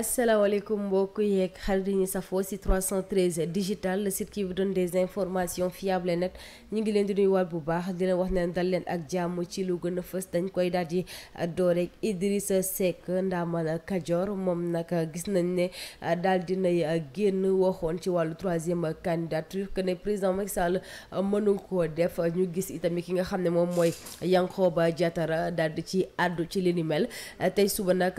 asalaamaaleykum mbokk yeeg xarit yi ñu safoo si 313 digital le site qui vous donne des informations fiables net ñu ngi leen di nuyuwaat bu baax di leen wax ne dal leen ak jàmm ci lu gën a fës dañ koy daal di door rek Idrissa Seck ndaamal Kajoor moom nag gis nañ ne daal di nay génn waxoon ci wàllu troisième candidature que ne président Macky Sall mënu ko def ñu gis itamit ki nga xam ne moom mooy ba Diattara daal di ci àddu ci li ni mel tey suba nag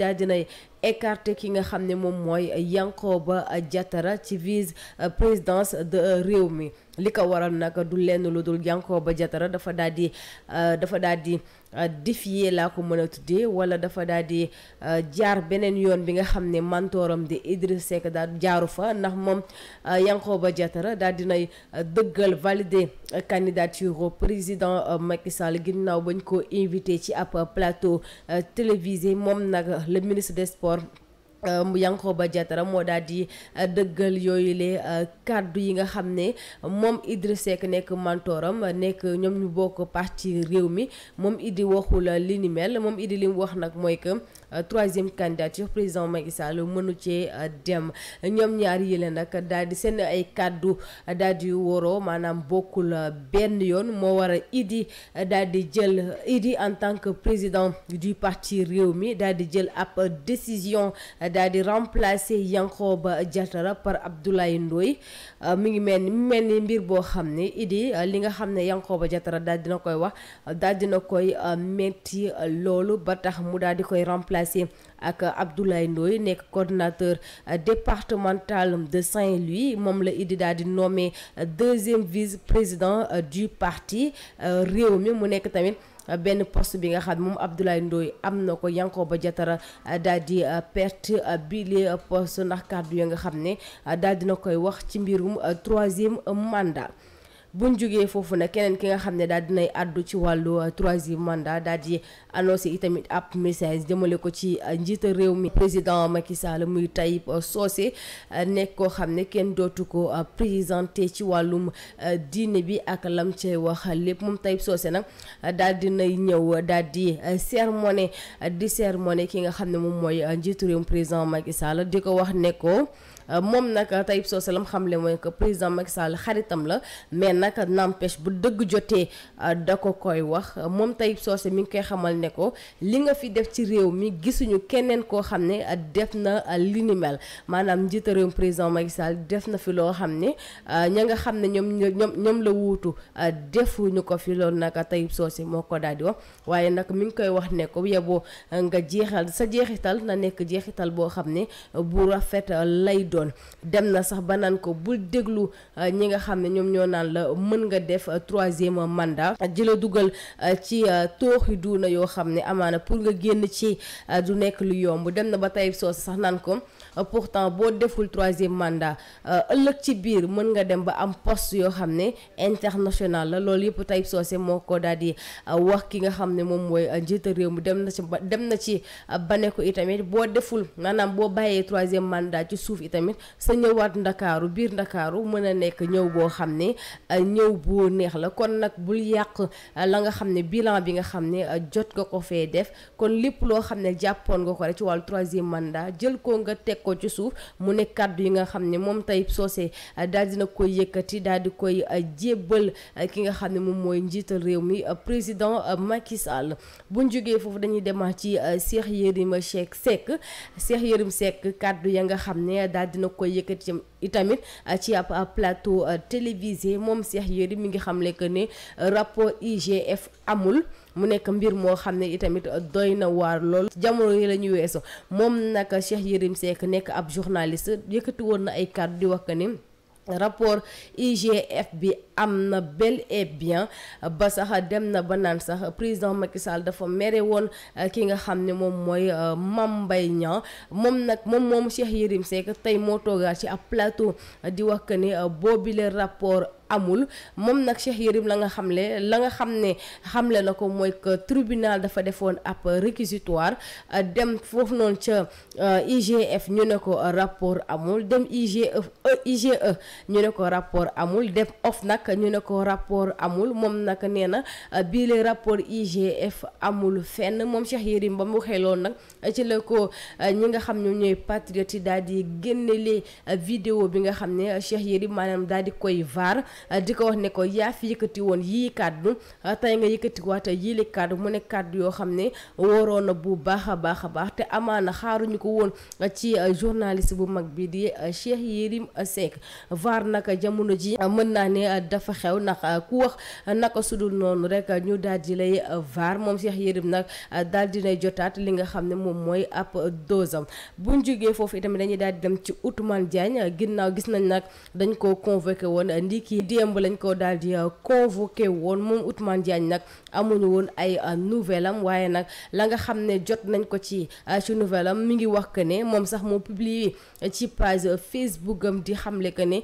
daal dinay écarté ki nga xam ne moom mooy Yankhoba Diattara ci vise euh, présidence de euh, réew mi li ko waral nag du lenn lu dul Yankhoba Diattara dafa daal di euh, dafa daal di défier laa ko mën a tuddee wala dafa daal di jaar beneen yoon bi nga xam ne mantoram di Idriss Seck daal jaaru fa ndax moom Yankhoba Diattara daal dinay dëggal valider candidature au président Macky Sall ginnaaw bañ ko invité ci ab plateau télévisé moom nag le ministre des sports sport euh, ba jataram moo daal di euh, dëggal yooyu le euh, kàddu yi nga xam ne moom Idrissa Seck nekk mantooram nekk ñoom ñu bokk parti réew mi moom Idi waxul li ni moom Idi li mu wax nag mooy que Euh, troisième candidature président Macky Sall mënu cee euh, dem ñoom ñaar yële nag daal di seen ay kàddu euh, daal di woroo maanaam bokkul benn yoon moo war a Idi daal di jël Idi en tant que président du parti réew mi daal di jël ab décision daal di remplacer ba jatara par Abdoulaye Ndoye mu ngi mel ni mu mel ni mbir boo xam ne Idi li nga xam ne ba Diattara daal dina koy wax daal dina koy metti loolu ba tax mu daal di koy remplacer. remplacé ak Abdoulaye Ndoye nekk coordonnateur euh, départemental de Saint-Louis moom la Idi daal di nommé euh, deuxième vice-président euh, du parti réew mi mu nekk tamit benn post bi nga xam moom Abdoulaye Ndoye am na ko Yankoba Diatara daal di perte bi les poste ndax kàddu ya nga xam ne daal dina koy wax ci mbirum troisième mandat buñ jugee foofu nag keneen ki nga xam ne daal dinay àddu ci wàllu euh, troisième mandat daal di annoncé itamit ab message jëmale ko ci euh, njiita réew mi président Macky Sall muy Taïb Socé euh, nekk koo xam ne kenn dootu ko présenté ci wàllum diine bi ak lam cay wax lépp moom Taïb Socé nag daal dinay ñëw daal di sermoné di sermoné ki nga xam ne moom mooy njiitu réew mi président Macky di ko wax ne ko moom nag Taïb Socé lam xamle mooy que président Macky Sall xaritam la mais nag n'empêche bu dëgg jotee euh, da ko koy wax moom Tahib Socé mi ngi koy xamal ne ko li nga fi def ci réew mi gisuñu keneen koo xam ne euh, def na euh, li ni maanaam njiitu réewum président Macky Sall def na fi loo xam ne ña nga xam ne ñoom ñoom ñoom la wuutu defuñu ko fi loolu nag Tahib Socé moo ko daal waaye nag mi ngi koy wax ne ko yeboo nga jeexal sa jeexital na nekk jeexital boo xam ne bu rafet lay doon nga xam ne ñoom ñoo naan la mën nga def euh, troisième mandat di la dugal euh, ci euh, tooxi duuna yoo xam ne amaana pour nga génn ci du nekk lu yomb dem na ba tey soo sax naan ko boo deful troisième mandat ëllëg ci biir mën nga dem ba am poste yoo xam ne international la loolu yëpp Taïb Socé moo ko daal di wax ki nga xam ne moom mooy njiitu réew mi dem na ci ba dem na ci ba ne ko itamit boo deful maanaam boo bàyyee troisième mandat ci suuf itamit sa ñëwaat ndakaaru biir ndakaaru mën a nekk ñëw boo xam ne ñëw bu neex la kon nag bul yàq euh, la nga xam ne bilan bi nga xam ne euh, jot nga ko fee def kon lépp loo xam ne jàppoon nga ko rek ci wàllu troisième mandat jël ko nga teg ko ci suuf mu ne kàddu yi nga xam ne moom tey soosee euh, daal dina koy yëkkati daal di koy jébbal ki nga xam ne moom mooy njiital réew mi président Macky Sall buñ jógee foofu dañuy demaat ci Cheikh Yérim Seck Seck Cheikh Yérim kàddu ya nga xam ne daal dina koy yëkkati itamit euh, ci ab plateau euh, télévisé moom Cheikh Yérim mi ngi xamle que ni euh, rapport IGF amul mu nekk mbir moo xam ne itamit doy na waar lool jamono yi la ñu weesu moom nag Cheikh Yérim Seck nekk ab journaliste yëkkati woon na ay kàddu di wax que rapport IGF bi am na bel et bien ba sax dem na ba naan sax président Macky Sall dafa mere woon euh, ki nga xam ne moom mooy euh, Mame Mbaye Niang moom nag moom moom Cheikh Yérim Seck tey moo toogaat ci ab plateau di wax que ne euh, boobile rapport amul moom nag Cheikh Yérim la nga xamle la nga xam ne xamle la ko mooy que tribunal dafa defoon ab réquisitoire euh, dem foofu noonu ca euh, IGF euh, e, e ñu ne ko rapport amul dem IGE IGE ñu ne ko rapport amul dem OFNAC ñu ne ko rapport amul moom nag nee na bii le rapport IGF amul fenn moom Cheikh Yérim ba mu xeloon loolu nag ci la ko ñi nga xam ñoo ñooy patriote yi daal di génne les vidéo bi nga xam ne Cheikh Yérim maanaam daal di koy vaar Eh, di ko wax ne ko yaa fi yëkkati woon yii kàddu eh, tey nga yëkkati waat yii li kàddu mu ne kàddu yoo xam ne waroon na bu baax a baax a baax te amaana xaaruñu ko woon eh, ci journaliste bu mag bi di Cheikh Yérim Seck VAR nag jamono ji mën naa ne dafa xew ndax ku wax naka sudul noonu rek ñu daal di lay VAR moom Cheikh Yérim nag daal di lay jotaat li nga xam ne moom mooy ab dosam buñ jógee foofu itamit dañuy daal di dem ci Ousmane Diagne ginnaaw gis nañ nag dañ ko convoqué woon ndiki démb lañ ko daal di euh, convoqué woon moom Ousmane Diagne nag amuñu woon ay euh, nouvelle am waaye nag la nga xam ne jot nañ ko ci euh, ci nouvelle am mi ngi wax que ne moom sax moo publié ci page Facebook am di xamle que ne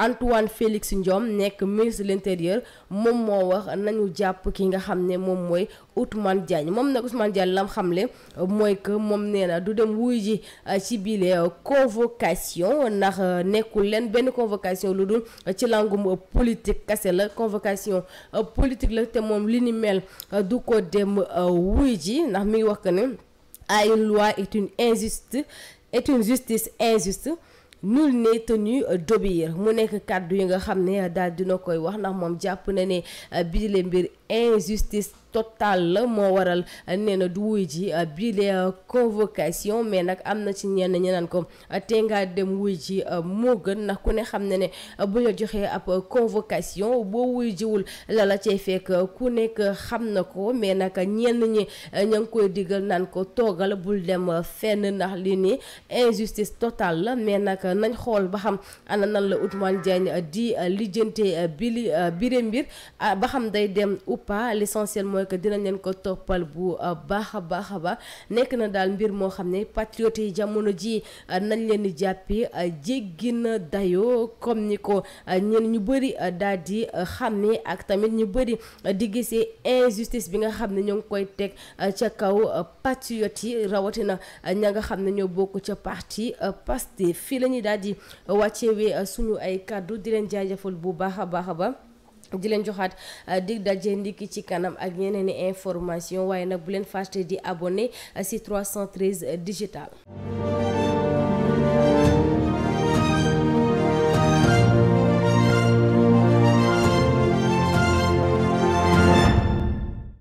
Antoine Félix Ndiome nekk ministre l'intérieur moom moo wax nañu jàpp ki nga xam ne moom mooy Ousmane Diagne moom nag Ousmane Diagne lam xamle mooy que moom nee na du dem wuy ji euh, ci biile euh, convocation ndax euh, nekkul leen benn convocation lu dul ci langum politique kase la convocation politique la te moom li ni mel du ko dem wuy ji ndax mi ngi wax que ne ay ah, loi est une injuste est une justice injuste nul n'est tenu d'obéir mu nekk kàddu yi nga xam ne daal dina koy wax ndax moom jàpp na ne euh, bi le mbir injustice totale la moo waral nee na du wuy ji ah, bii les ah, convocation mais nag am na ci ñenn ñi naan ko ah, te nga dem wuy ji moo gën ndax ku ne xam ne ne bu la joxee ab convocation boo wuy jiwul la la cay fekk ku nekk xam na ko mais nag ñenn ñi ña ngi koy diggal naan ko toogal bul dem fenn ndax li nii injustice totale la mais nag nañ xool ba xam ana nan la Ousmane Diagne di lijjante bi li bire mbir ba xam day dem up pas l'essentiel mooy que dinañ leen ko toppal bu euh, baax a baax a baax nekk na daal mbir moo xam ne patriote yi jamono ji euh, nañ leen di jàppee euh, jéggi na dayoo comme ni ko ñenn ñu bëri daal di xàmmee ak tamit ñu bëri di gisee injustice bi nga xam ne ñoo ngi koy teg ca kaw patriote yi rawatina ña nga xam ne ñoo bokk ca parti Pastef fii la ñuy daal di wàcceewee suñu ay kàddu di leen jaajëfal bu baax a baax a ba di leen joxaat euh, dig daje ndikki ci kanam ak yeneen i information waaye nag bu leen fàtte di abonné si euh, 313 digital